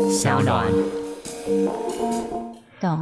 消遣。小暖，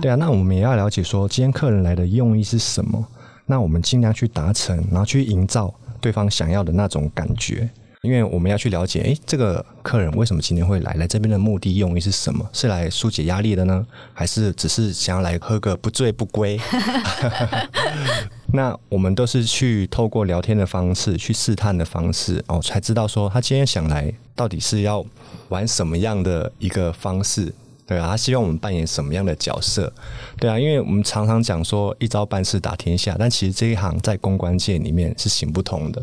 對啊，那我們也要了解說，今天客人來的用意是什麼？那我們盡量去達成，然後去營造對方想要的那種感覺。因為我們要去了解，誒，這個客人為什麼今天會來？來這邊的目的用意是什麼？是來疏解壓力的呢，還是只是想要來喝個不醉不歸？ 那我們都是去透過聊天的方式，去試探的方式哦，才知道說他今天想來到底是要玩什麼樣的一個方式，對啊，他希望我們扮演什麼樣的角色，對啊，因為我們常常講說一招半式打天下，但其實這一行在公關界裡面是行不通的。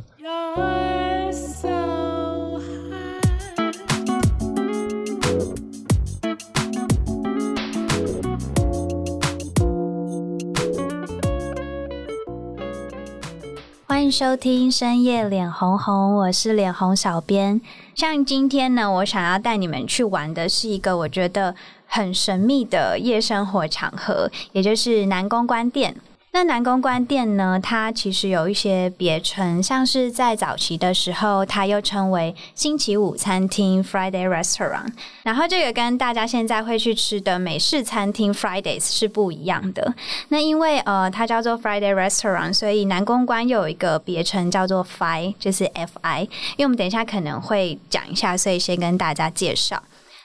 收聽深夜臉紅紅，我是臉紅小編。像今天呢，我想要帶你們去玩的是一個我覺得很神秘的夜生活場合，也就是男公關店。那男公關店呢，它其實有一些別稱，像是在早期的時候，它又稱為星期五餐廳 （Friday Restaurant）。然後這個跟大家現在會去吃的美式餐廳 （Fridays） 是不一樣的。那因為呃，它叫做 Friday Restaurant，所以男公關又有一個別稱叫做 FI，就是 FI。因為我們等一下可能會講一下，所以先跟大家介紹。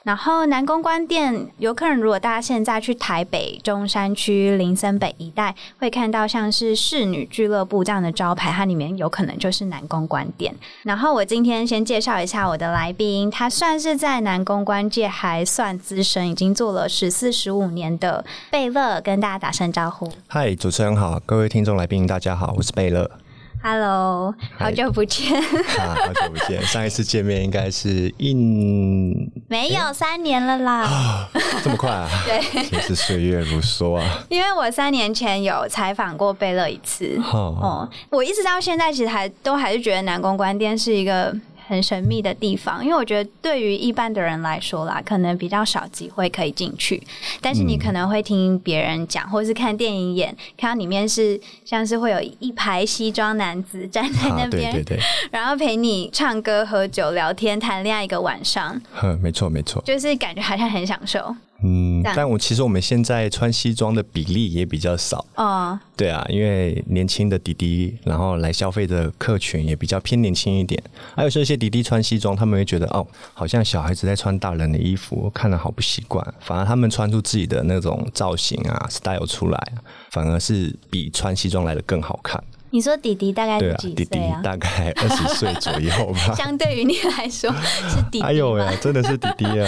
然後男公關店，有可能如果大家現在去台北中山區林森北一帶，會看到像是侍女俱樂部這樣的招牌，它裡面有可能就是男公關店。然後我今天先介紹一下我的來賓，他算是在男公關界還算資深，已經做了十四十五年的貝勒，跟大家打聲招呼。嗨，主持人好，各位聽眾來賓，大家好，我是貝勒。哈嘍，Hello, Hi. 好久不見。 啊，好久不見！上一次見面應該是應沒有、欸、三年了啦，啊，這麼快啊？ 對，真是歲月如梭啊！ 因為我三年前有採訪過貝勒一次，哦、 嗯，我一直到現在其實還都還是覺得男公關店是一個。很神秘的地方，因為我覺得對於一般的人來說啦，可能比較少機會可以進去。但是你可能會聽別人講，嗯、或是看電影演，看到裡面是像是會有一排西裝男子站在那邊，啊、對對對，然後陪你唱歌、喝酒、聊天、談戀愛一個晚上。嗯，沒錯沒錯，就是感覺好像很享受。嗯，但，但我其實我們現在穿西裝的比例也比較少啊。哦，對啊，因為年輕的弟弟，然後來消費的客群也比較偏年輕一點。還有說一些弟弟穿西裝，他們會覺得哦，好像小孩子在穿大人的衣服，看了好不習慣。反而他們穿出自己的那種造型啊，style 出來，反而是比穿西裝來得更好看。你說弟弟大概幾歲啊？對啊，弟弟大概二十歲左右吧。 相對於你來說是弟弟。哎呦喂，真的是弟弟啊！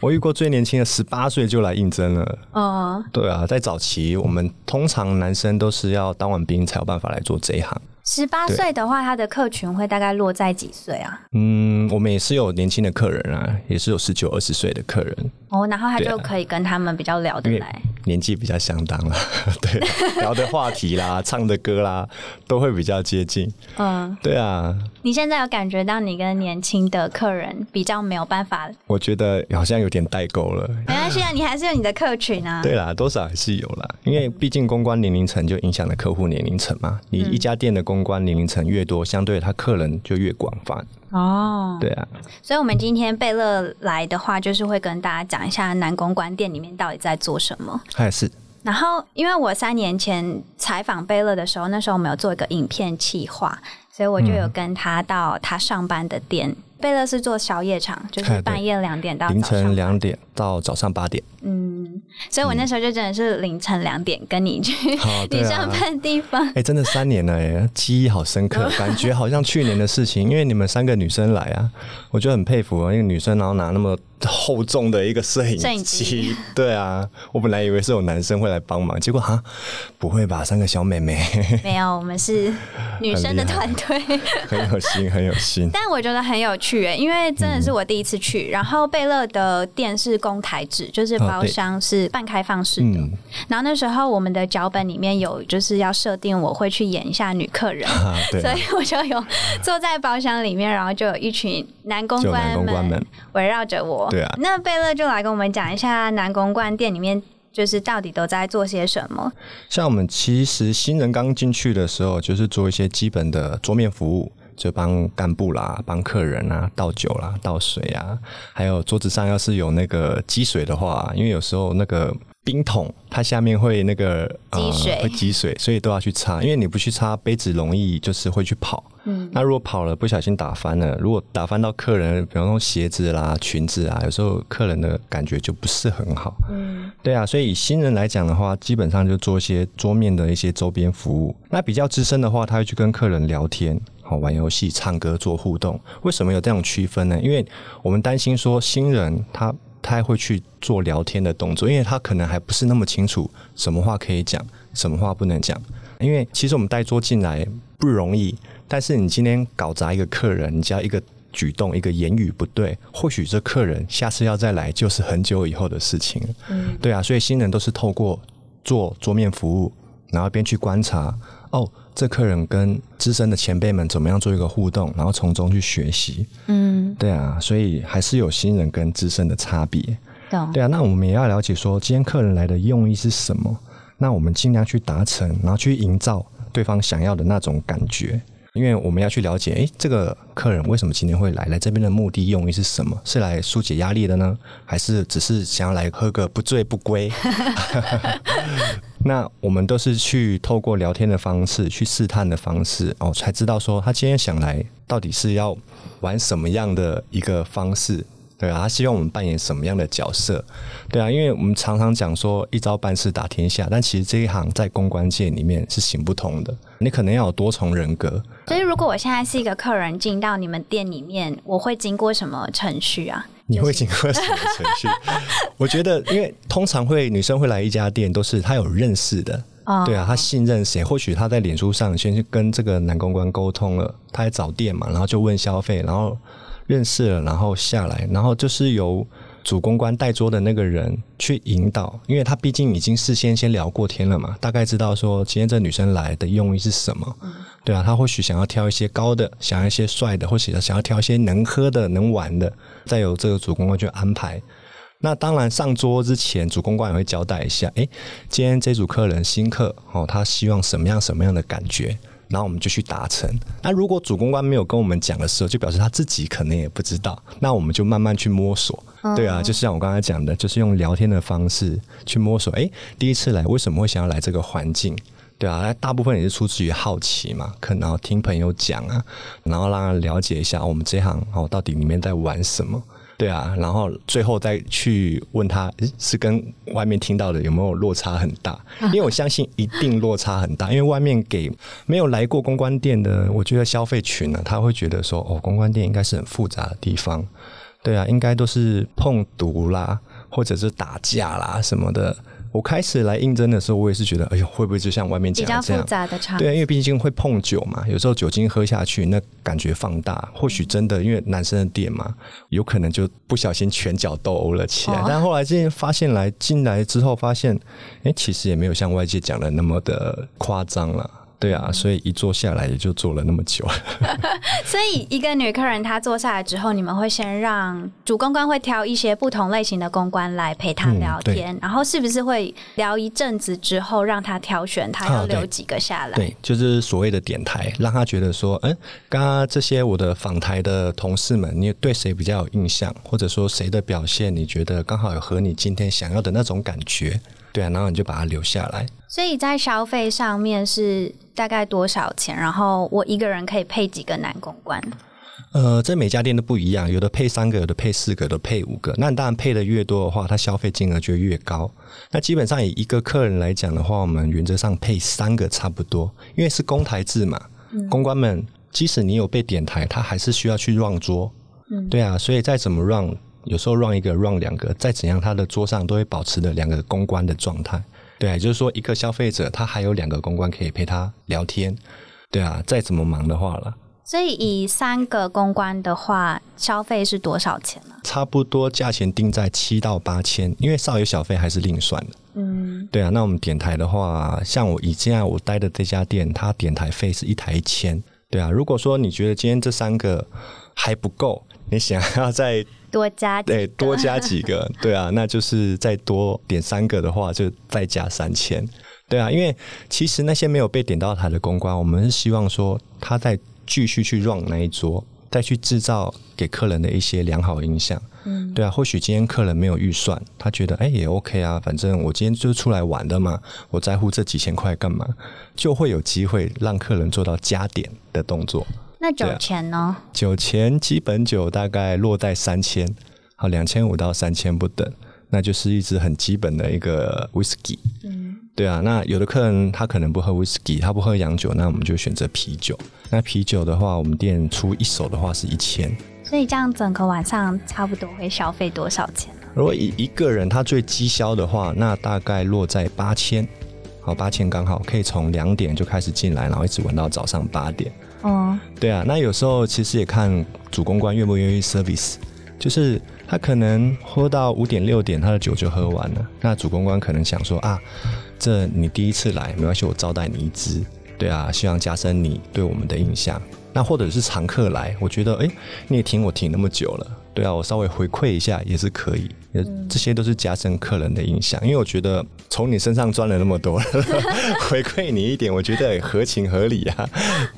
我遇過最年輕的十八歲就來應徵了啊。Oh. 對啊，在早期我們通常男生都是要當完兵才有辦法來做這一行。十八歲的話，他的客群會大概落在幾歲啊？嗯，我們也是有年輕的客人啊，也是有十九、二十歲的客人。哦，然後他就可以跟他們比較聊得來，年紀比較相當了，對，聊的話題啦、唱的歌啦，都會比較接近。嗯，對啊。你現在有感覺到你跟年輕的客人比較沒有辦法？我覺得好像有點代溝了。沒關係啊，你還是有你的客群啊。對啦，多少還是有啦，因為畢竟公關年齡層就影響了客戶年齡層嘛。你一家店的公公關年齡層越多，相對他客人就越廣泛哦。對啊，所以我們今天貝勒來的話，就是會跟大家講一下男公關店裡面到底在做什麼。也是。然後，因為我三年前採訪貝勒的時候，那時候我們有做一個影片企劃，所以我就有跟他到他上班的店。嗯貝勒是做宵夜場，就是半夜兩點到凌晨兩點到早上八、呃、點，點。嗯，所以我那時候就真的是凌晨兩點跟你去、嗯，你上班的地方。哎、啊欸，真的三年了，哎，記憶好深刻， 感覺好像去年的事情。因為你們三個女生來啊，我就很佩服，啊，因為女生然後拿那麼。厚重的一個攝影機，影機，對啊，我本來以為是有男生會來幫忙，結果哈，不會吧？三個小妹妹，沒有，我們是女生的團隊，很，很有心，很有心。 但我覺得很有趣誒，因為真的是我第一次去。嗯、然後貝勒的電視公台紙，就是包廂是半開放式的、啊，嗯，然後那時候我們的腳本裡面有就是要設定我會去演一下女客人，啊對啊、所以我就有坐在包廂裡面，然後就有一群男公關們圍繞着我。對啊，那貝勒就來跟我們講一下男公關店裡面就是到底都在做些什麼。像我們其實新人剛進去的時候，就是做一些基本的桌面服務，就幫幹部啦、幫客人啊倒酒啦、倒水啊，還有桌子上要是有那個積水的話，因為有時候那個。冰桶，它下面會那個呃，積水，會積水，所以都要去擦。因為你不去擦杯子，容易就是會去跑。嗯，那如果跑了，不小心打翻了，如果打翻到客人，比方說鞋子啦、裙子啊，有時候客人的感覺就不是很好。嗯，對啊，所以以新人來講的話，基本上就做一些桌面的一些周邊服務。那比較資深的話，他會去跟客人聊天，好，玩遊戲、唱歌、做互動。為什麼有這種區分呢？因為我們擔心說新人他。他還會去做聊天的動作，因為他可能還不是那麼清楚什麼話可以講，什麼話不能講。因為其實我們帶桌進來不容易，但是你今天搞砸一個客人，你只要一個舉動、一個言語不對，或許這客人下次要再來就是很久以後的事情。嗯，對啊，所以新人都是透過做桌面服務，然後邊去觀察哦。這客人跟資深的前輩們怎麼樣做一個互動，然後從中去學習。嗯，對啊，所以還是有新人跟資深的差別。懂對啊，那我們也要了解說，今天客人來的用意是什麼？那我們儘量去達成，然後去營造對方想要的那種感覺。因為我們要去了解，誒，這個客人為什麼今天會來？來這邊的目的用意是什麼？是來疏解壓力的呢，還是只是想要來喝個不醉不歸？ 那我們都是去透過聊天的方式，去試探的方式哦，才知道說他今天想來到底是要玩什麼樣的一個方式，對啊，他希望我們扮演什麼樣的角色，對啊，因為我們常常講說一招半式打天下，但其實這一行在公關界裡面是行不通的，你可能要有多重人格。所以，如果我現在是一個客人進到你們店裡面，我會經過什麼程序啊？你會經過什麼程序？ 我覺得，因為通常會女生會來一家店，都是她有認識的，哦、對啊，她信任誰？或許她在臉書上先去跟這個男公關溝通了，她來找店嘛，然後就問消費，然後認識了，然後下來，然後就是由主公關帶桌的那個人去引導，因為他畢竟已經事先先聊過天了嘛，大概知道說今天這女生來的用意是什麼。嗯對啊，他或許想要挑一些高的，想要一些帥的，或許想要挑一些能喝的、能玩的，再由這個主公關去安排。那當然，上桌之前，主公關也會交代一下：誒，今天這組客人新客哦，他希望什麼樣什麼樣的感覺？然後我們就去達成。那如果主公關沒有跟我們講的時候，就表示他自己可能也不知道。那我們就慢慢去摸索。嗯、對啊，就是像我剛才講的，就是用聊天的方式去摸索。誒，第一次來為什麼會想要來這個環境？對啊，大部分也是出自於好奇嘛，可能然後聽朋友講啊，然後讓他了解一下、哦、我們這行哦到底裡面在玩什麼，對啊，然後最後再去問他是跟外面聽到的有沒有落差很大？因為我相信一定落差很大， 因為外面給沒有來過公關店的，我覺得消費群呢，啊，他會覺得說哦，公關店應該是很複雜的地方，對啊，應該都是碰毒啦，或者是打架啦什麼的。我開始來應徵的時候，我也是覺得，哎呦，會不會就像外面講的這樣？比較複雜的場子。對啊，因為畢竟會碰酒嘛，有時候酒精喝下去，那感覺放大，或許真的因為男生的店嘛，有可能就不小心拳腳鬥毆了起來。哦、但後來進發現來進來之後，發現，哎、欸，其實也沒有像外界講的那麼的誇張了。對啊，所以一坐下來也就坐了那麼久。 所以一個女客人她坐下來之後，你們會先讓主公關會挑一些不同類型的公關來陪她聊天，嗯、然後是不是會聊一陣子之後，讓她挑選她要留幾個下來？啊、對,對，就是所謂的點台，讓她覺得說，嗯，剛剛這些我的訪台的同事們，你對誰比較有印象，或者說誰的表現你覺得剛好有和你今天想要的那種感覺？然後你就把它留下來。所以在消費上面是大概多少錢？然後我一個人可以配幾個男公關？呃，這每家店都不一樣，有的配三個，有的配四個，有的配五個。那當然配的越多的話，他消費金額就越高。那基本上以一個客人來講的話，我們原則上配三個差不多，因為是公台制嘛。嗯，公關們，即使你有被點台，他還是需要去讓桌。嗯，對啊，所以再怎麼讓。有時候 run 一個 run 兩個，再怎樣他的桌上都會保持着兩個公關的狀態，對啊，也就是說一個消費者他還有兩個公關可以陪他聊天，對啊，再怎麼忙的話了。所以以三個公關的話，消費是多少錢呢？差不多價錢定在七到八千，因為少爺小費還是另算的。嗯，對啊，那我們點台的話，像我以現在我待的這家店，它點台費是一台一千，對啊。如果說你覺得今天這三個還不夠，你想要再多加幾個對、欸，多加幾個對啊，那就是再多點三個的話，就再加三千，對啊，因為其實那些沒有被點到台的公關，我們是希望說他再繼續去 run 那一桌，再去製造給客人的一些良好的印象，嗯，對啊，或許今天客人沒有預算，他覺得哎、欸、也 OK 啊，反正我今天就出來玩的嘛，我在乎這幾千塊幹嘛，就會有機會讓客人做到加點的動作。那酒錢呢？酒錢、啊、基本酒大概落在三千，好兩千五到三千不等，那就是一支很基本的一個 whisky。嗯，對啊。那有的客人他可能不喝 whisky，他不喝洋酒，那我們就選擇啤酒。那啤酒的話，我們店出一手的話是一千。所以這樣整個晚上差不多會消費多少錢呢？如果以一個人他最基消的話，那大概落在八千，好八千剛好可以從兩點就開始進來，然後一直玩到早上八點。哦，oh. 對啊，那有時候其實也看主公關願不願意 service，就是他可能喝到五點六點，點他的酒就喝完了，那主公關可能想說啊，這你第一次來沒關係，我招待你一支，對啊，希望加深你對我們的印象。那或者是常客來，我覺得哎、欸，你也挺我挺那麼久了。對啊，我稍微回饋一下也是可以，也這些都是加深客人的印象，嗯、因為我覺得從你身上賺了那麼多， 回饋你一點，我覺得合情合理啊。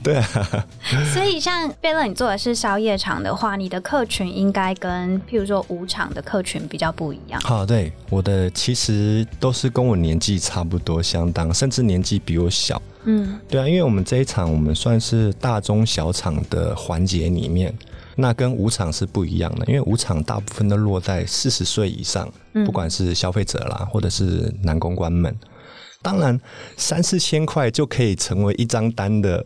對啊， 所以像貝勒，你做的是宵夜場的話，你的客群應該跟譬如說舞場的客群比較不一樣。好、啊，對我的其實都是跟我年紀差不多，相當甚至年紀比我小。嗯，對啊，因為我們這一場我們算是大中小場的環節裡面。那跟舞場是不一樣的，因為舞場大部分都落在四十歲以上，嗯、不管是消費者啦，或者是男公關們。當然，三四千塊就可以成為一張單的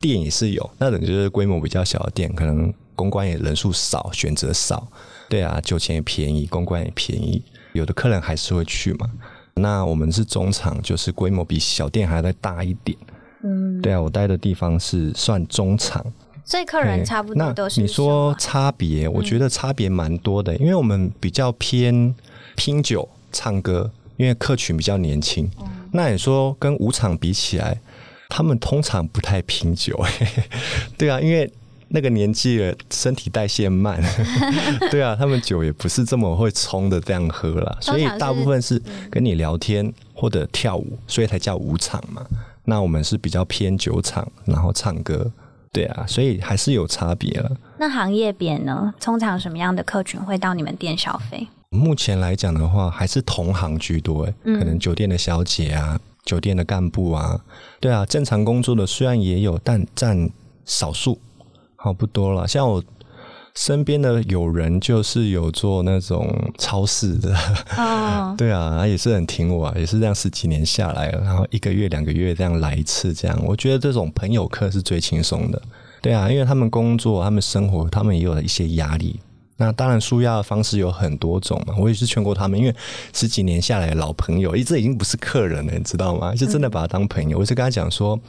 店，也是有，那等於就是規模比較小的店，可能公關也人數少，選擇少。對啊，酒錢也便宜，公關也便宜，有的客人還是會去嘛。那我們是中場，就是規模比小店還要再大一點。嗯，對啊，我待的地方是算中場。所以客人差不多都是。那你說差別，我覺得差別蠻多的、欸，嗯、因為我們比較偏拼酒唱歌，因為客群比較年輕。嗯、那你說跟舞場比起來，他們通常不太拼酒、欸， 對啊，因為那個年紀身體代謝慢， 對啊，他們酒也不是這麼會沖的這樣喝啦。所以大部分是跟你聊天或者跳舞，所以才叫舞場嘛。那我們是比較偏酒場，然後唱歌。對啊，所以還是有差別了。那行業別呢？通常什麼樣的客群會到你們店消費？目前來講的話，還是同行居多，嗯，可能酒店的小姐啊，酒店的幹部啊，對啊，正常工作的雖然也有，但占少數，好不多了。像我。身邊的友人就是有做那種超市的，Oh. 對啊，也是很挺我啊，也是這樣十幾年下來然後一個月兩個月這樣來一次，這樣我覺得這種朋友客是最輕鬆的，對啊，因為他們工作、他們生活、他們也有一些壓力。那當然，舒壓的方式有很多種嘛。我也是勸過他們，因為十幾年下來的老朋友，一這已經不是客人了，你知道嗎？就真的把他當朋友。嗯，我是跟他講說，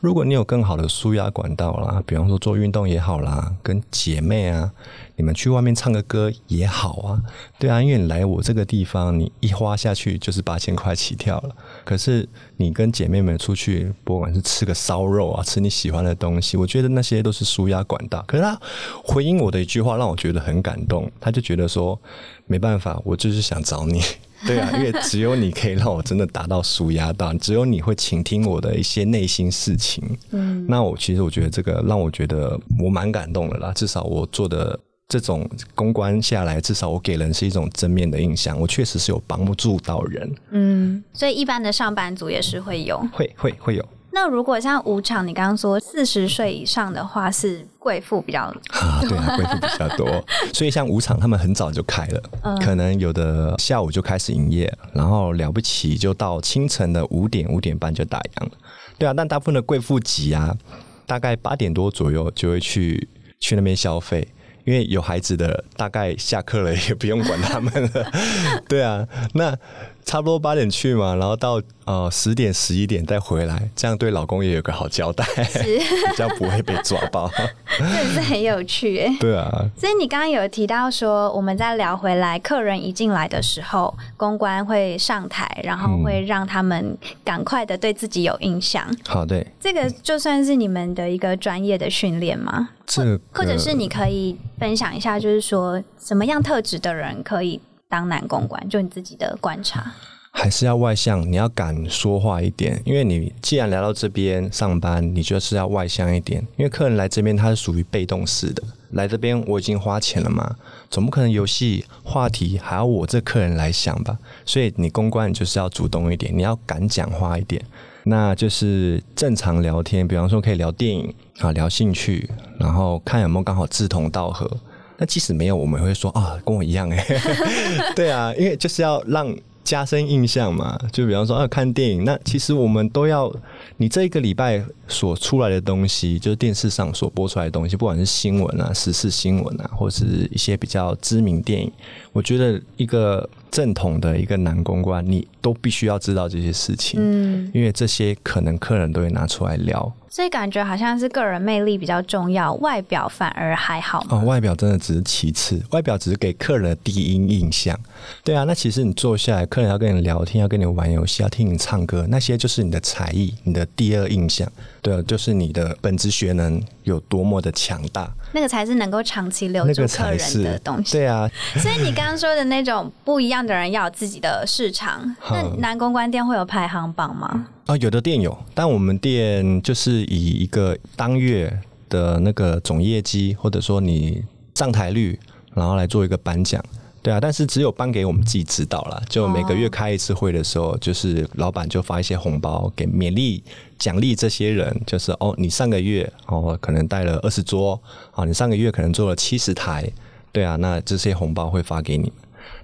如果你有更好的舒壓管道啦，比方說做運動也好啦，跟姐妹啊。你們去外面唱個歌也好啊，對啊，因為你來我這個地方，你一花下去就是八千塊起跳了。可是你跟姐妹們出去，不管是吃個燒肉啊，吃你喜歡的東西，我覺得那些都是舒壓管道。可是他回應我的一句話，讓我覺得很感動。他就覺得說，沒辦法，我就是想找你，對啊，因為只有你可以讓我真的達到舒壓到，只有你會傾聽我的一些內心事情。嗯，那我其實我覺得這個讓我覺得我蠻感動的啦，至少我做的。這種公關下來，至少我給人是一種正面的印象。我確實是有幫助到人。嗯，所以一般的上班族也是會有，會會會有。那如果像舞場，你剛剛說四十歲以上的話，是貴婦比較啊？對啊，貴婦比較多。 所以像舞場，他們很早就開了，嗯、可能有的下午就開始營業，然後了不起就到清晨的五點五點半就打烊了。對啊，但大部分的貴婦級啊，大概八點多左右就會去去那邊消費。因為有孩子的，大概下課了也不用管他們了， 對啊，那。差不多八點去嘛，然後到呃十點十一點再回來，這樣對老公也有個好交代，是比較不會被抓包。對， 是很有趣哎。對啊。所以你剛剛有提到說，我們在聊回來，客人一進來的時候，公關會上台，然後會讓他們趕快的對自己有印象。好的、嗯。這個就算是你們的一個專業的訓練嗎？這個，或者是你可以分享一下，就是說什麼樣特質的人可以？當男公關，就你自己的觀察，還是要外向，你要敢說話一點。因為你既然來到這邊上班，你就是要外向一點。因為客人來這邊他是屬於被動式的，來這邊我已經花錢了嘛，總不可能遊戲話題還要我這客人來想吧。所以你公關就是要主動一點，你要敢講話一點。那就是正常聊天，比方說可以聊電影啊，聊興趣，然後看有沒有剛好志同道合。那即使沒有，我們也會說啊，跟我一樣誒、欸、 對啊，因為就是要讓加深印象嘛。就比方說啊，看電影，那其實我們都要你這一個禮拜所出來的東西，就是電視上所播出來的東西，不管是新聞啊、時事新聞啊，或者是一些比較知名電影，我覺得一個正統的一個男公關，你都必須要知道這些事情，嗯，因為這些可能客人都會拿出來聊。所以感覺好像是個人魅力比較重要，外表反而還好。哦，外表真的只是其次，外表只是給客人的第一印象。對啊，那其實你坐下來，客人要跟你聊天，要跟你玩遊戲，要聽你唱歌，那些就是你的才藝，你的第二印象。對啊，就是你的本職學能。有多麼的強大，那個才是能夠長期留住客人的東西。對啊， 所以你剛剛說的那種不一樣的人要有自己的市場。 那男公關店會有排行榜嗎？啊，有的店有，但我們店就是以一個當月的那個總業績，或者說你上台率，然後來做一個頒獎。對啊，但是只有頒給我們自己知道啦。就每個月開一次會的時候，哦、就是老板就發一些紅包給勉勵、獎勵這些人，就是哦，你上個月哦可能帶了二十桌，啊、哦，你上個月可能做了七十台，對啊，那這些紅包會發給你。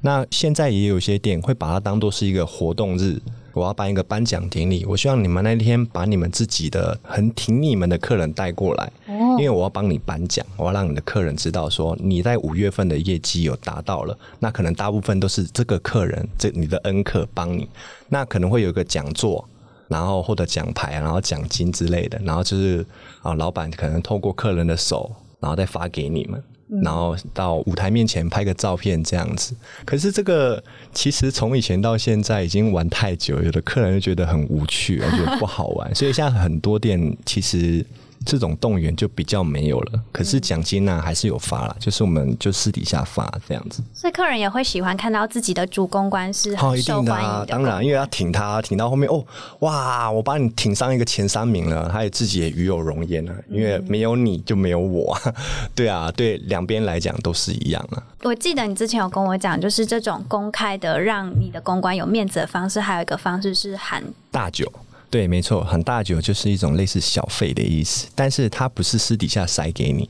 那現在也有些店會把它當做是一個活動日。我要辦一個頒獎典禮，我希望你們那天把你們自己的很挺你們的客人帶過來，Oh. 因為我要幫你頒獎，我要讓你的客人知道說你在五月份的業績有達到了，那可能大部分都是這個客人，這你的恩客幫你，那可能會有一個獎座，然後或者獎牌，然後獎金之類的，然後就是啊老闆可能透過客人的手，然後再發給你們。然後到舞台面前拍個照片這樣子，可是這個其實從以前到現在已經玩太久，有的客人就覺得很無趣，而且不好玩，所以現在很多店其實。這種動員就比較沒有了，可是獎金呢、啊嗯、還是有發了，就是我們就私底下發這樣子。所以客人也會喜歡看到自己的主公關是很受歡迎的，oh, 一定的啊。當然，因為要挺他，挺到後面哦，哇，我把你挺上一個前三名了，他也自己也與有榮焉了，因為沒有你就沒有我， 對啊，對兩邊來講都是一樣了、啊。我記得你之前有跟我講，就是這種公開的讓你的公關有面子的方式，還有一個方式是喊大酒。對，沒錯，喊大酒就是一種類似小費的意思，但是它不是私底下塞給你，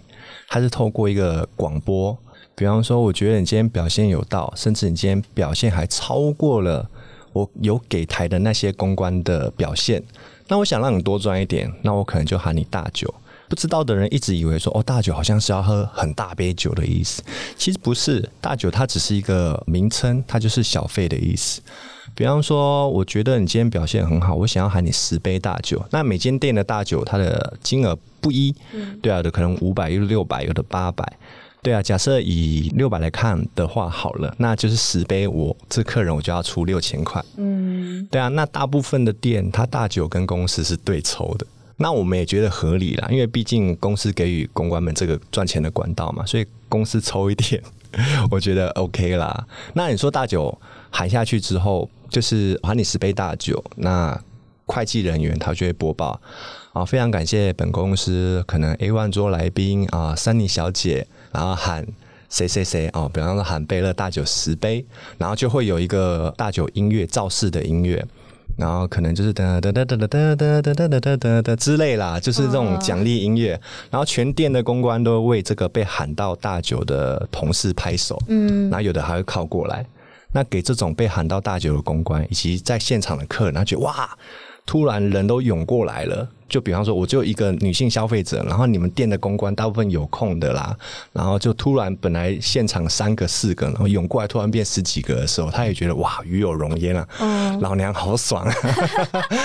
它是透過一個廣播，比方說，我覺得你今天表現有道，甚至你今天表現還超過了我有給台的那些公關的表現，那我想讓你多賺一點，那我可能就喊你大酒。不知道的人一直以為說，哦，大酒好像是要喝很大杯酒的意思，其實不是，大酒它只是一個名稱，它就是小費的意思。比方說，我覺得你今天表現很好，我想要喊你十杯大酒。那每間店的大酒，它的金額不一，嗯、對啊，有的可能五百又六百，有的八百，對啊。假設以六百來看的話，好了，那就是十杯我，我這客人我就要出六千塊，嗯，對啊。那大部分的店，他大酒跟公司是對抽的，那我們也覺得合理了，因為畢竟公司給予公關們這個賺錢的管道嘛，所以公司抽一點，我覺得 OK 啦。那你說大酒喊下去之後。就是喊你十杯大酒，那會計人員他就會播報啊，非常感謝本公司可能 A 萬桌來賓啊 Sunny 小姐，然後喊誰誰誰哦、啊，比方說喊貝勒大酒十杯，然後就會有一個大酒音樂造勢的音樂，然後可能就是噠噠噠噠噠噠噠噠噠噠噠之類啦，就是這種獎勵音樂，oh. 然後全店的公關都為這個被喊到大酒的同事拍手，嗯，mm. 然後有的還會靠過來。那給這種被喊到大酒的公關，以及在現場的客人，他覺得：「哇，突然人都湧過來了。就比方說，我就一個女性消費者，然後你們店的公關大部分有空的啦，然後就突然本來現場三個四個，然後湧過來，突然變十幾個的時候，他也覺得哇，與有榮焉啊！嗯」老娘好爽啊！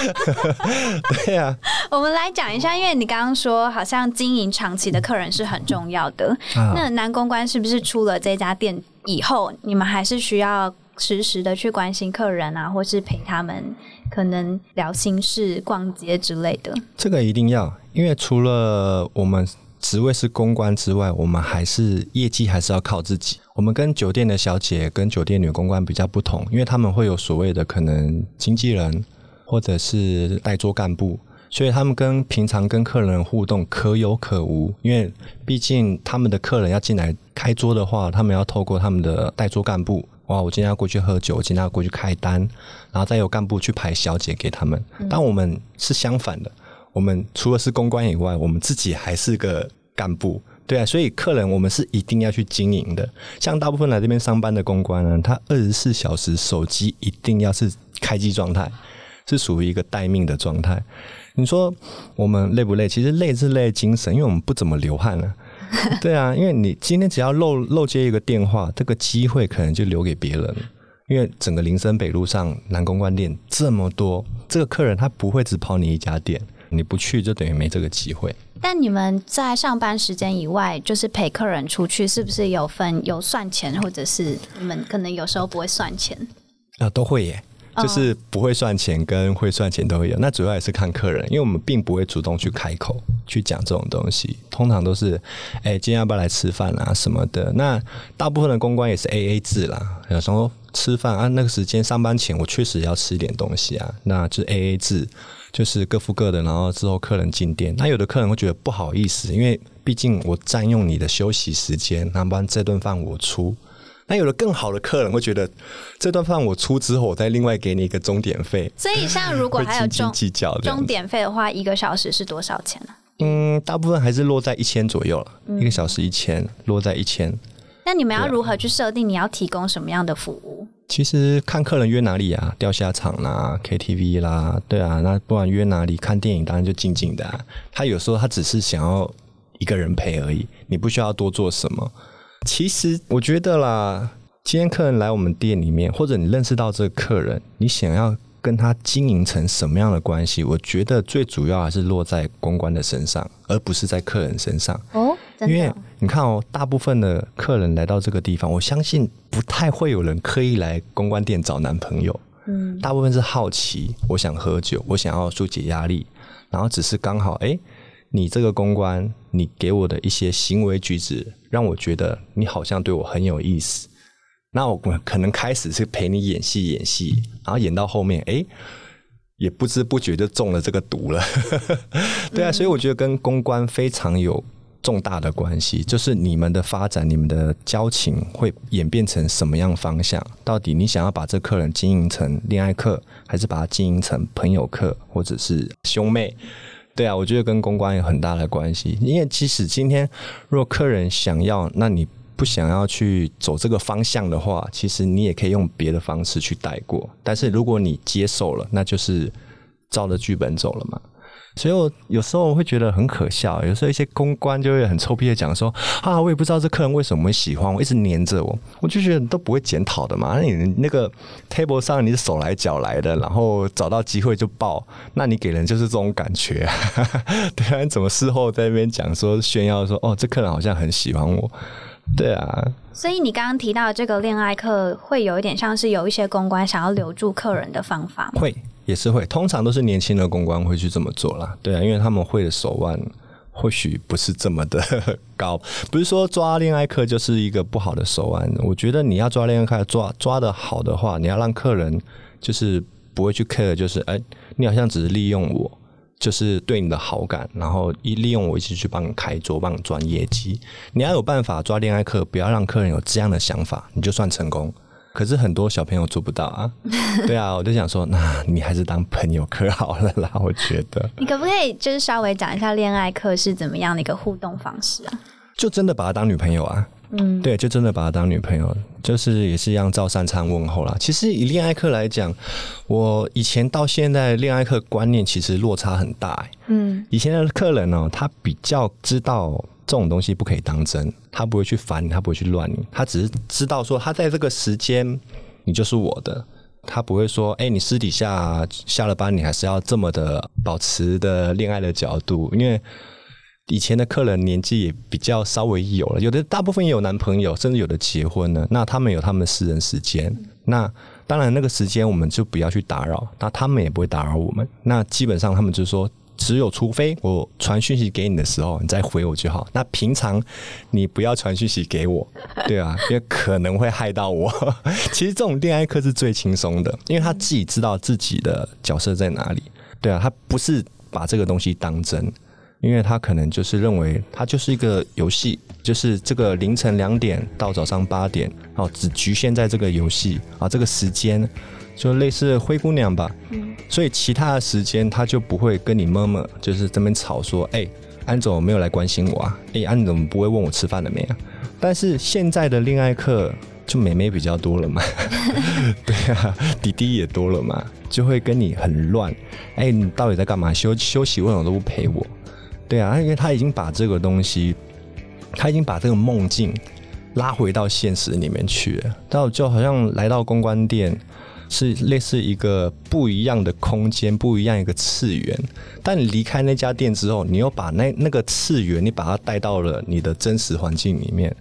對啊， 我們來講一下，因為你剛剛說好像經營長期的客人是很重要的，嗯啊、那男公關是不是出了這家店？以後你們還是需要時時的去關心客人啊，或是陪他們，可能聊心事、逛街之類的。這個一定要，因為除了我們職位是公關之外，我們還是業績還是要靠自己。我們跟酒店的小姐跟酒店女公關比較不同，因為他們會有所謂的可能經紀人，或者是帶桌幹部。所以他們跟平常跟客人互動可有可無，因為畢竟他們的客人要進來開桌的話，他們要透過他們的帶桌幹部，哇，我今天要過去喝酒，我今天要過去開單，然後再由幹部去排小姐給他們。但我們是相反的，我們除了是公關以外，我們自己還是個幹部，對啊，所以客人我們是一定要去經營的。像大部分來這邊上班的公關呢，他二十四小時手機一定要是開機狀態，是屬於一個待命的狀態。你說我們累不累？其實累是累精神，因為我們不怎麼流汗了啊。 對啊，因為你今天只要漏漏接一個電話，這個機會可能就留給別人。因為整個林森北路上男公關店這麼多，這個客人他不會只跑你一家店，你不去就等於沒這個機會。但你們在上班時間以外，就是陪客人出去，是不是有分有算錢，或者是你們可能有時候不會算錢？啊，都會耶。就是不會算錢跟會算錢都會有，oh. 那主要也是看客人，因為我們並不會主動去開口去講這種東西，通常都是，哎、欸，今天要不要來吃飯啊什麼的。那大部分的公關也是 AA 制啦，有時候吃飯啊，那個時間上班前，我確實要吃一點東西啊，那就是 AA 制，就是各付各的。然後之後客人進店，那有的客人會覺得不好意思，因為畢竟我占用你的休息時間，那不然這頓飯我出。那有了更好的客人會覺得，這頓飯我出之後，我再另外給你一個鐘點費。所以像如果還有鐘鐘 點費的話，一個小時是多少錢呢，啊？嗯，大部分還是落在一千左右、嗯、一個小時一千，落在一千。那你們要如何去設定？你要提供什麼樣的服務，啊？其實看客人約哪裡啊，釣蝦場啦、KTV 啦，對啊，那不管約哪裡，看電影當然就靜靜的、啊。他有時候他只是想要一個人陪而已，你不需要多做什麼。其實我覺得啦，今天客人來我們店裡面，或者你認識到這個客人，你想要跟他經營成什麼樣的關係？我覺得最主要還是落在公關的身上，而不是在客人身上。哦，真的哦。因為你看哦，大部分的客人來到這個地方，我相信不太會有人刻意來公關店找男朋友。嗯，大部分是好奇，我想喝酒，我想要紓解壓力，然後只是剛好哎。誒你這個公關，你給我的一些行為舉止，讓我覺得你好像對我很有意思。那我可能開始是陪你演戲演戲，然後演到後面，哎、欸，也不知不覺就中了這個毒了。 對啊，所以我覺得跟公關非常有重大的關係，就是你們的發展、你們的交情會演變成什麼樣方向？到底你想要把這客人經營成戀愛客，還是把他經營成朋友客，或者是兄妹？對啊，我覺得跟公關有很大的關係，因為即使今天若客人想要，那你不想要去走這個方向的話，其實你也可以用別的方式去帶過。但是如果你接受了，那就是照着劇本走了嘛。所以我有時候我會覺得很可笑，有時候一些公關就會很臭屁的講說啊，我也不知道這客人為什麼會喜歡我，一直黏着我，我就覺得你都不會檢討的嘛。那你那個 table 上你是手來腳來的，然後找到機會就抱，那你給人就是這種感覺，啊， 對啊，你怎麼事後在那邊講說炫耀說哦，這客人好像很喜歡我，對啊。所以你剛剛提到這個戀愛客，會有一點像是有一些公關想要留住客人的方法嗎？會。也是會，通常都是年輕的公關會去這麼做啦。對啊，因為他們會的手腕或許不是這麼的高。不是說抓戀愛客就是一個不好的手腕。我覺得你要抓戀愛客，抓抓得好的話，你要讓客人就是不會去 care，就是哎，你好像只是利用我，就是對你的好感，然後一利用我一起去幫你開桌、幫你賺業績。你要有辦法抓戀愛客，不要讓客人有這樣的想法，你就算成功。可是很多小朋友做不到啊， 對啊，我就想說，那你還是當朋友可好了啦，我覺得。你可不可以就是稍微講一下戀愛客是怎麼樣的一個互動方式啊？就真的把她當女朋友啊？嗯，對，就真的把她當女朋友，就是也是一樣照三餐問候啦。其實以戀愛客來講，我以前到現在戀愛客觀念其實落差很大。欸，嗯，以前的客人呢，喔，他比較知道。這種東西不可以當真。他不會去煩你，他不會去亂你，他只是知道說，他在這個時間，你就是我的。他不會說，哎、欸，你私底下下了班，你還是要這麼的保持的戀愛的角度。因為以前的客人年紀也比較稍微有了，有的大部分也有男朋友，甚至有的結婚了。那他們有他們的私人時間，那當然那個時間我們就不要去打擾。那他們也不會打擾我們。那基本上他們就說，只有除非我傳訊息給你的時候，你再回我就好。那平常你不要傳訊息給我，對啊，因為可能會害到我。 其實這種戀愛客是最輕鬆的，因為他自己知道自己的角色在哪裡。對啊，他不是把這個東西當真。因為他可能就是認為，他就是一個遊戲，就是這個凌晨兩點到早上八點，哦，只局限在這個遊戲啊，這個時間，就類似灰姑娘吧。嗯。所以其他的時間他就不會跟你媽媽，就是這邊吵說，哎、欸，安總沒有來關心我啊，哎、欸，安總不會問我吃飯了沒有，但是現在的戀愛客就妹妹比較多了嘛， 對啊，弟弟也多了嘛，就會跟你很亂，哎、欸，你到底在幹嘛？休休息為什麼都不陪我？對啊，因為他已經把這個東西，他已經把這個夢境拉回到現實裡面去了，到就好像來到公關店是類似一個不一樣的空間，不一樣一個次元。但你離開那家店之後，你又把那那個次元，你把它帶到了你的真實環境裡面。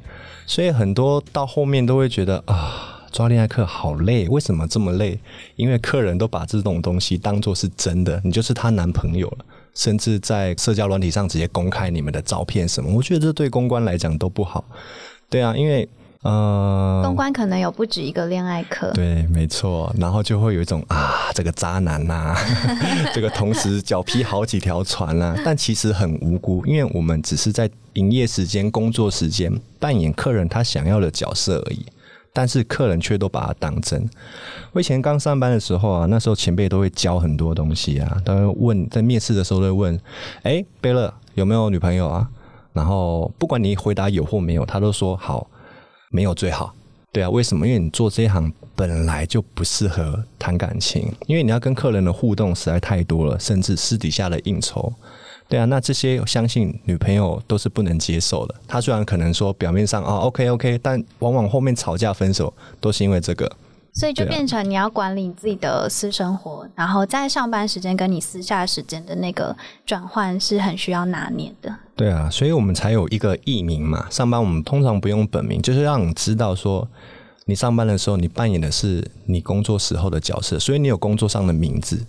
所以很多到後面都會覺得啊，抓戀愛客好累，為什麼這麼累？因為客人都把這種東西當做是真的，你就是他男朋友了。甚至在社交軟體上直接公開你們的照片什麼？我覺得這對公關來講都不好。對啊，因為呃，公關可能有不止一個戀愛客。對，沒錯，然後就會有一種啊，這個渣男吶、啊， 這個同時腳踏好幾條船吶、啊，但其實很無辜，因為我們只是在營業時間、工作時間扮演客人他想要的角色而已。但是客人卻都把它當真。我以前剛上班的時候啊，那時候前輩都會教很多東西啊，都會問，在面試的時候都會問：“哎，貝勒，有沒有女朋友啊？”然後不管你回答有或沒有，他都說：“好，沒有最好。”對啊，為什麼？因為你做這一行本來就不適合談感情，因為你要跟客人的互動實在太多了，甚至私底下的應酬。對啊，那這些我相信女朋友都是不能接受的。她雖然可能說表面上哦、啊、OK OK，但往往後面吵架分手都是因為這個。啊、所以就變成你要管理你自己的私生活，然後在上班時間跟你私下時間的那個轉換是很需要拿捏的。對啊，所以我們才有一個藝名嘛。上班我們通常不用本名，就是讓你知道說你上班的時候你扮演的是你工作時候的角色，所以你有工作上的名字。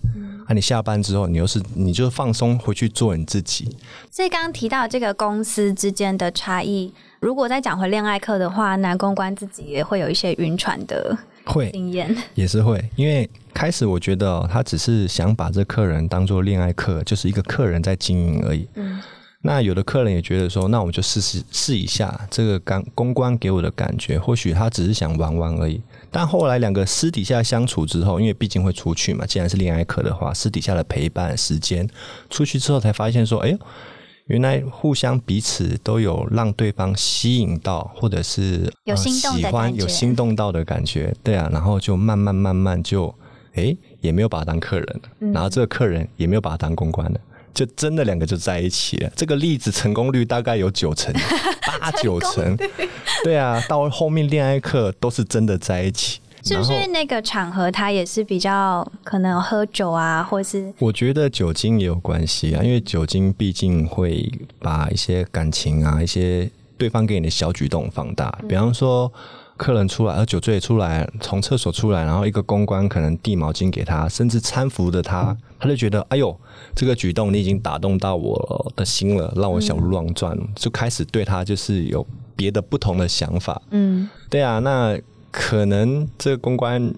那、啊、你下班之後，你又是你就放鬆回去做你自己。所以剛剛提到這個公司之間的差異，如果再講回戀愛客的話，男公關自己也會有一些暈船的，會經驗會也是會，因為開始我覺得、哦、他只是想把這客人當做戀愛客，就是一個客人在經營而已。嗯那有的客人也覺得說，那我們就試試試一下這個剛公關給我的感覺，或許他只是想玩玩而已。但後來兩個私底下相處之後，因為畢竟會出去嘛，既然是戀愛客的話，私底下的陪伴時間，出去之後才發現說，哎呦，原來互相彼此都有讓對方吸引到，或者是有、呃、喜歡，有心動到的感覺，對啊，然後就慢慢慢慢就，哎、欸，也沒有把他當客人，嗯、然後這個客人也沒有把他當公關的。就真的兩個就在一起了，這個例子成功率大概有九成，八九 成，成功率，九成。對啊，到後面戀愛客都是真的在一起。 然後，是不是那個場合他也是比較可能喝酒啊，或者是？我覺得酒精也有關係啊，因為酒精畢竟會把一些感情啊、一些對方給你的小舉動放大，嗯、比方說。客人出來，而酒醉出來，從廁所出來，然後一個公關可能遞毛巾給他，甚至攙扶着他，嗯、他就覺得哎呦，這個舉動你已經打動到我的心了，讓我小鹿亂撞，嗯、就開始對他就是有別的不同的想法。嗯，對啊，那可能這個公關。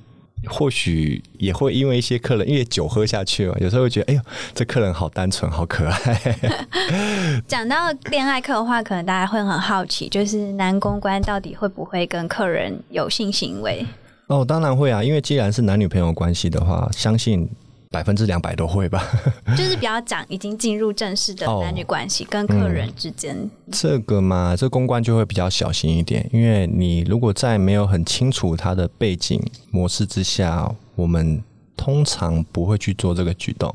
或許也會因為一些客人，因為酒喝下去嘛，有時候會覺得，哎呦，這客人好單純，好可愛。講 到戀愛客的話，可能大家會很好奇，就是男公關到底會不會跟客人有性行為？哦，當然會啊，因為既然是男女朋友關係的話，相信。百分之兩百都會吧，就是比較講已經進入正式的男女關係跟客人之間。哦嗯，這個嘛，這公關就會比較小心一點，因為你如果在沒有很清楚他的背景模式之下，我們通常不會去做這個舉動。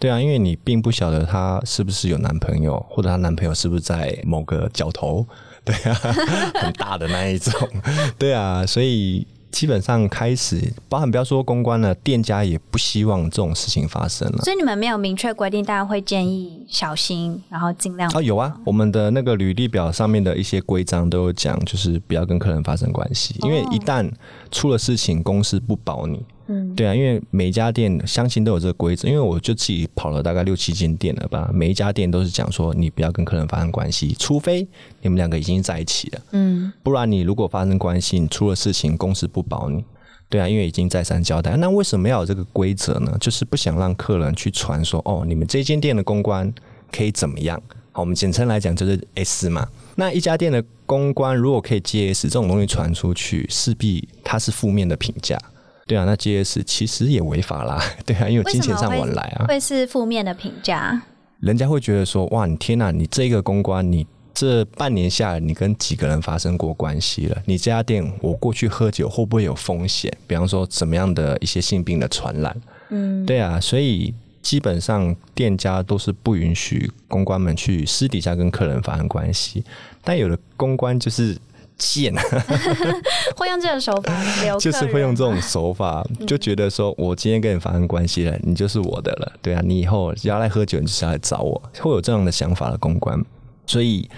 對啊，因為你並不曉得他是不是有男朋友，或者她男朋友是不是在某個角頭，對啊，很大的那一種， 對啊，所以，基本上開始，包含不要說公關了，店家也不希望這種事情發生了。所以你們沒有明確規定，大家會建議小心，然後儘量。哦、啊，有啊，我們的那個履歷表上面的一些規章都有講，就是不要跟客人發生關係，因為一旦出了事情，公司不保你。哦嗯，對啊，因為每一家店相信都有這個規則，因為我就自己跑了大概六七間店了吧，每一家店都是講說你不要跟客人發生關係，除非你們兩個已經在一起了，嗯，不然你如果發生關係，你出了事情公司不保你，對啊，因為已經再三交代。那為什麼要有這個規則呢？就是不想讓客人去傳說哦，你們這間店的公關可以怎麼樣？好，我們簡稱來講就是 S 嘛。那一家店的公關如果可以接 S 這種東西傳出去，勢必它是負面的評價。對啊，那 G S 其實也違法啦。對啊，因為有金錢上往來啊會，會是負面的評價。人家會覺得說：“哇，你天啊，你這個公關，你這半年下來，你跟幾個人發生過關係了？你這家店，我過去喝酒會不會有風險？比方說，怎麼樣的一些性病的傳染？”嗯，對啊，所以基本上店家都是不允許公關們去私底下跟客人發生關係。但有的公關就是。賤，會用這種手法，就是會用這種手法，就覺得說我今天跟你發生關係了，嗯、你就是我的了，對啊，你以後要來喝酒，你就下來找我，會有這樣的想法的公關。所以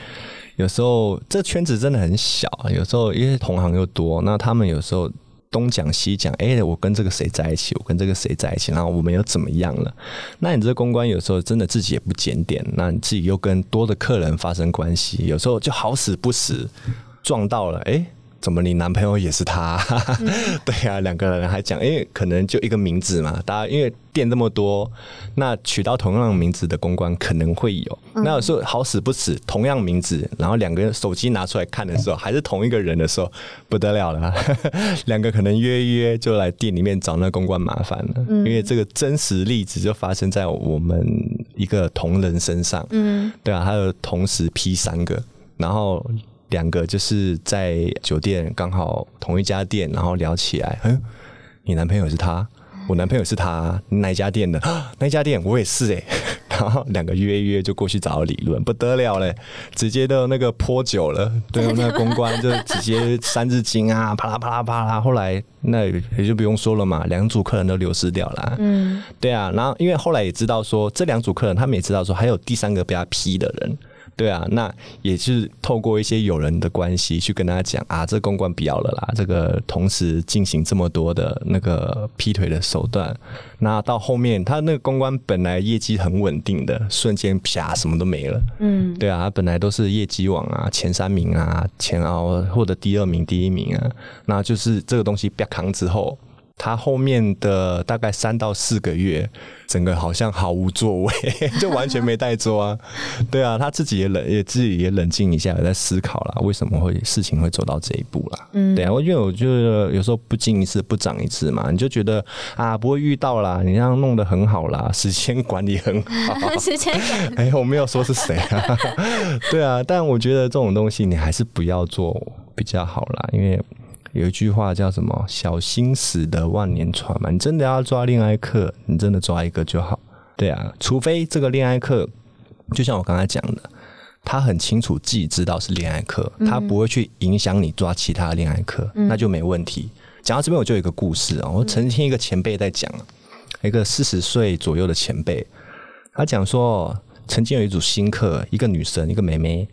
有時候這圈子真的很小，有時候因為同行又多，那他們有時候東講西講，哎、欸，我跟這個誰在一起，我跟這個誰在一起，然後我們又怎麼樣了？那你這公關有時候真的自己也不檢點，那你自己又跟多的客人發生關係，有時候就好死不死，撞到了，哎、欸，怎麼你男朋友也是他、啊？嗯、 對啊，兩個人還講，因、欸、為可能就一個名字嘛，大家因為店那麼多，那取到同樣名字的公關可能會有。嗯、那有時候好死不死，同樣名字，然後兩個人手機拿出來看的時候，嗯、還是同一個人的時候，不得了了、啊，兩 個可能約一約就來店裡面找那個公關麻煩了。嗯、因為這個真實例子就發生在我們一個同仁身上。嗯，對啊，他有同時批三個，然後。兩個就是在酒店剛好同一家店，然後聊起來，哼、欸、你男朋友是他，我男朋友是他、啊，哪家店的？哪、啊、家店我也是哎、欸， 然後兩個約一約就過去找理論，不得了嘞，直接到那個潑酒了，對，那公關就直接三字經啊， 啪啦啪啦啪啦，後來那也就不用說了嘛，兩組客人都流失掉了，嗯，對啊，然後因為後來也知道說這兩組客人他們也知道說還有第三個被他劈的人。對啊，那也是透過一些友人的關係去跟他講啊，這個公關不要了啦，這個同時進行這麼多的那個劈腿的手段，那到後面他那個公關本來業績很穩定的，瞬間啪，啪什麼都沒了。嗯，對啊，他本來都是業績王啊，前三名啊，前熬或者第二名、第一名啊，那就是這個東西被扛之後。他後面的大概三到四個月，整個好像毫無作為，就完全沒帶桌啊。 對啊，他自己也冷，也自己也冷靜一下，也在思考啦，為什麼會事情會走到這一步啦。嗯，對啊，因為我就有時候不進一次不長一次嘛，你就覺得啊不會遇到啦，你這樣弄得很好啦，時間管理很好。 時間管理 哎？哎我沒有說是誰啊。 對啊，但我覺得這種東西你還是不要做比較好啦，因為，有一句話叫什麼“小心駛得萬年船”嘛，你真的要抓戀愛客，你真的抓一個就好。對啊，除非這個戀愛客，就像我剛才講的，他很清楚自己知道是戀愛客，他不會去影響你抓其他戀愛客，嗯、那就沒問題。講到這邊，我就有一個故事哦，嗯、我曾經一個前輩在講，一個四十歲左右的前輩，他講說，曾經有一組新客，一個女生，一個妹妹，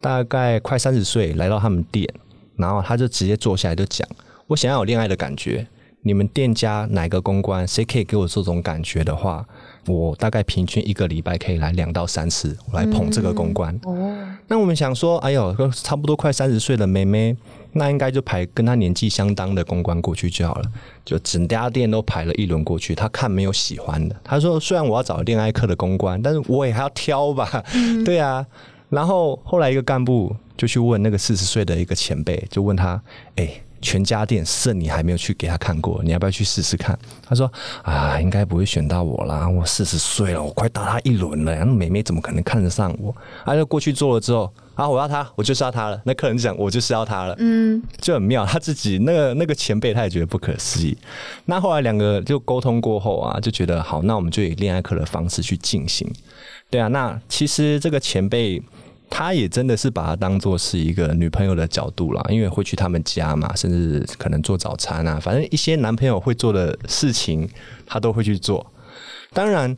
大概快三十歲，來到他們店。然後他就直接坐下來就講，我想要有戀愛的感覺，你們店家哪個公關誰可以給我這種感覺的話，我大概平均一個禮拜可以來兩到三次，我來捧這個公關。嗯哦、那我們想說，哎喲差不多快三十歲的妹妹，那應該就排跟她年紀相當的公關過去就好了。就整家店都排了一輪過去，她看沒有喜歡的，她說，雖然我要找戀愛客的公關，但是我也還要挑吧，嗯、 對啊。然後後來一個幹部就去問那個四十歲的一個前輩，就問他，哎、欸，全家店剩你還沒有去給他看過，你要不要去試試看？他說，啊，應該不會選到我啦，我四十歲了，我快大他一輪了，那美眉怎麼可能看得上我？他、啊、就過去做了之後，啊，我要他，我就是要他了。那客人就講，我就是要他了，嗯，就很妙。他自己那個、那個前輩他也覺得不可思議。那後來兩個就溝通過後啊，就覺得好，那我們就以戀愛客的方式去進行，對啊，那其實這個前輩。他也真的是把她當做是一個女朋友的角度了，因為會去他們家嘛，甚至可能做早餐啊，反正一些男朋友會做的事情，他都會去做。當然，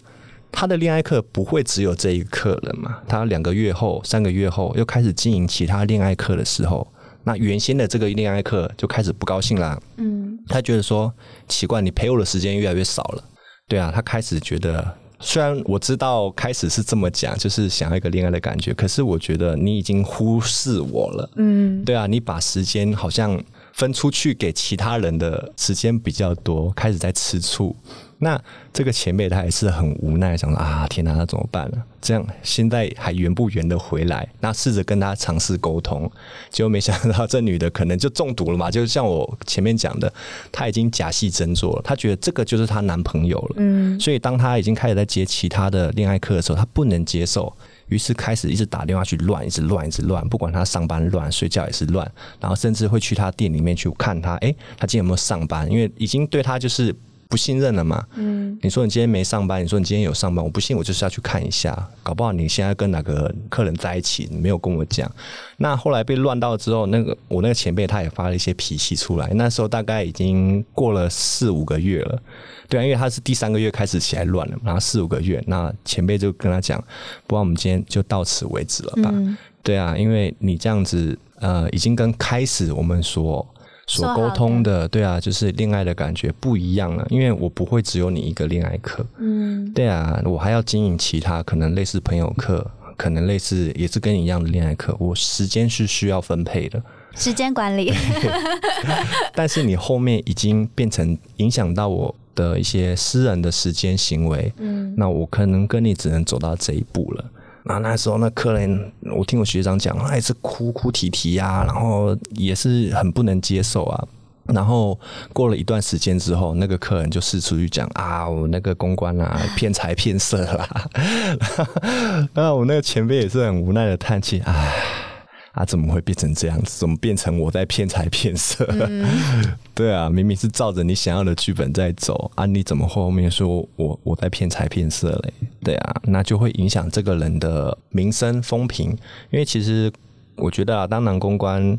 他的戀愛客不會只有這一客了嘛。他兩個月後、三個月後又開始經營其他戀愛客的時候，那原先的這個戀愛客就開始不高興啦。嗯，他覺得說奇怪，你陪我的時間越來越少了。對啊，他開始覺得。雖然我知道開始是這麼講，就是想要一個戀愛的感覺，可是我覺得你已經忽視我了。嗯，對啊，你把時間好像分出去給其他人的時間比較多，開始在吃醋。那這個前輩他也是很無奈，想說啊，天哪，那怎麼辦呢，啊？這樣現在還圓不圓的回來？那試着跟他嘗試溝通，結果沒想到這女的可能就中毒了嘛，就像我前面講的，她已經假戲真做了，她覺得這個就是她男朋友了。所以當她已經開始在接其他的戀愛客的時候，她不能接受，於是開始一直打電話去亂，一直亂，一直亂，不管她上班亂，睡覺也是亂，然後甚至會去她店裡面去看她，哎，她今天有沒有上班？因為已經對她就是。不信任了嘛。嗯，你說你今天沒上班，你說你今天有上班，我不信，我就是要去看一下，搞不好你現在跟哪個客人在一起，你沒有跟我講。那後來被亂到之後，那個我那個前輩他也發了一些脾氣出來。那時候大概已經過了四五個月了，對啊，因為他是第三個月開始起來亂了，然後四五個月，那前輩就跟他講，不然我們今天就到此為止了吧？嗯、對啊，因為你這樣子，呃，已經跟開始我們說。所溝通的，的對啊，就是戀愛的感覺不一樣了。啊，因為我不會只有你一個戀愛客，嗯，對啊，我還要經營其他可能類似朋友客，可能類似也是跟你一樣的戀愛客，我時間是需要分配的，時間管理，對 但是你後面已經變成影響到我的一些私人的時間行為，嗯，那我可能跟你只能走到這一步了。然後、啊、那時候那客人，我聽我學長講，他也是哭哭啼啼啊，然後也是很不能接受啊。然後過了一段時間之後，那個客人就四出去講啊，我那個公關啊，騙財騙色啦。 然後我那個前輩也是很無奈的嘆氣，唉。他、啊、怎麼會變成這樣子？怎麼變成我在騙財騙色？嗯、 對啊，明明是照着你想要的劇本在走啊，你怎麼後面說我我在騙財騙色嘞？對啊，那就會影響這個人的名聲風評。因為其實我覺得啊，當男公關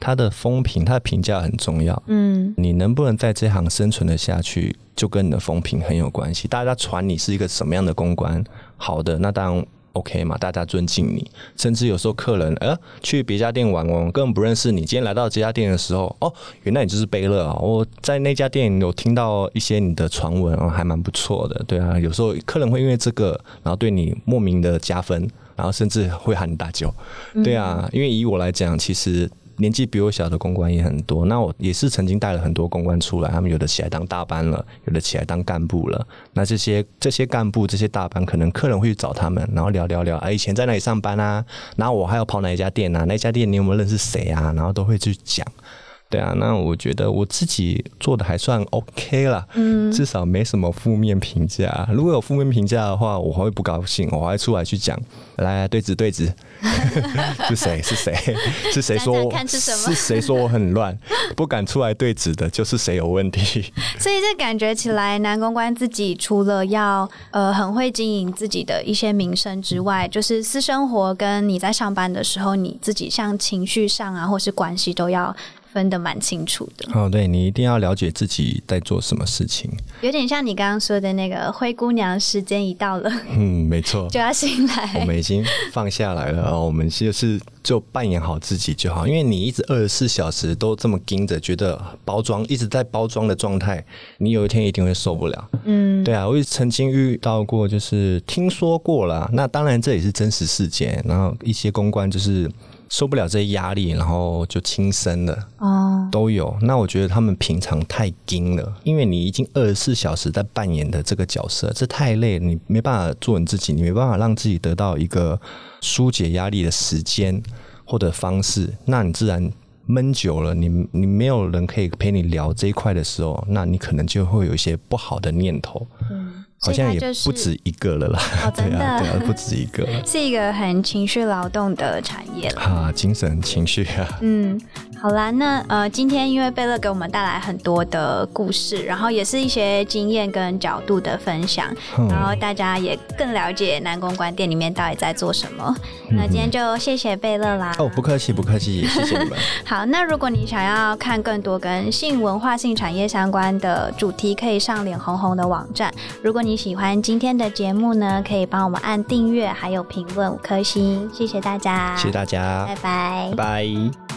他，他的風評他的評價很重要。嗯，你能不能在這行生存得下去，就跟你的風評很有關係。大家傳你是一個什麼樣的公關？好的，那當 OK 嘛，大家尊敬你，甚至有時候客人，呃、啊、去別家店玩哦，我根本不認識你。今天來到這家店的時候，哦，原來你就是貝勒啊！我在那家店有聽到一些你的傳聞哦，還蠻不錯的。對啊，有時候客人會因為這個，然後對你莫名的加分，然後甚至會喊你大舅。對啊，嗯、因為以我來講，其實。年紀比我小的公關也很多，那我也是曾經帶了很多公關出來，他們有的起來當大班了，有的起來當幹部了。那這些這些幹部這些大班，可能客人會去找他們，然後聊聊聊，哎、啊，以前在哪裡上班啊？然後我還要跑哪一家店啊？那一家店你有沒有認識誰啊？然後都會去講。對啊，那我覺得我自己做的還算 OK 啦。嗯，至少沒什麼負面評價。如果有負面評價的話，我會不高興，我會出來去講，來來，對質對質， 是誰是誰是誰說我是誰說我很亂， 不敢出來對質的，就是誰有問題。所以這感覺起來，男公關自己除了要呃很會經營自己的一些名聲之外，就是私生活跟你在上班的時候，你自己像情緒上啊，或是關係都要。分得蠻清楚的哦，oh, 對你一定要了解自己在做什麼事情，有點像你剛剛說的那個灰姑娘，時間一到了，嗯，沒錯， 就要醒來。我們已經放下來了， 我們就是就扮演好自己就好，因為你一直二十四小時都這麼盯着，覺得包裝一直在包裝的狀態，你有一天一定會受不了。嗯，對啊，我也曾經遇到過，就是聽說過啦，那當然這也是真實事件，然後一些公關就是。受不了這些壓力，然後就輕生了，哦，都有。那我覺得他們平常太緊了，因為你已經二十四小時在扮演的這個角色，這太累了，你沒辦法做你自己，你沒辦法讓自己得到一個疏解壓力的時間或者方式，那你自然悶久了，你你沒有人可以陪你聊這一塊的時候，那你可能就會有一些不好的念頭。嗯。就是、好像也不止一個了啦，對啊，對啊，不止一個，是一個很情緒勞動的產業啊，精神情緒啊，嗯。好啦，那呃，今天因為貝勒給我們帶來很多的故事，然後也是一些經驗跟角度的分享，然後大家也更了解男公關店裡面到底在做什麼。嗯、哼那今天就謝謝貝勒啦！哦，不客氣，不客氣，謝謝你們。 好，那如果你想要看更多跟性文化、性產業相關的主題，可以上臉紅紅的網站。如果你喜歡今天的節目呢，可以幫我們按訂閱，還有評論五顆星，謝謝大家，謝謝大家，拜拜，拜，拜。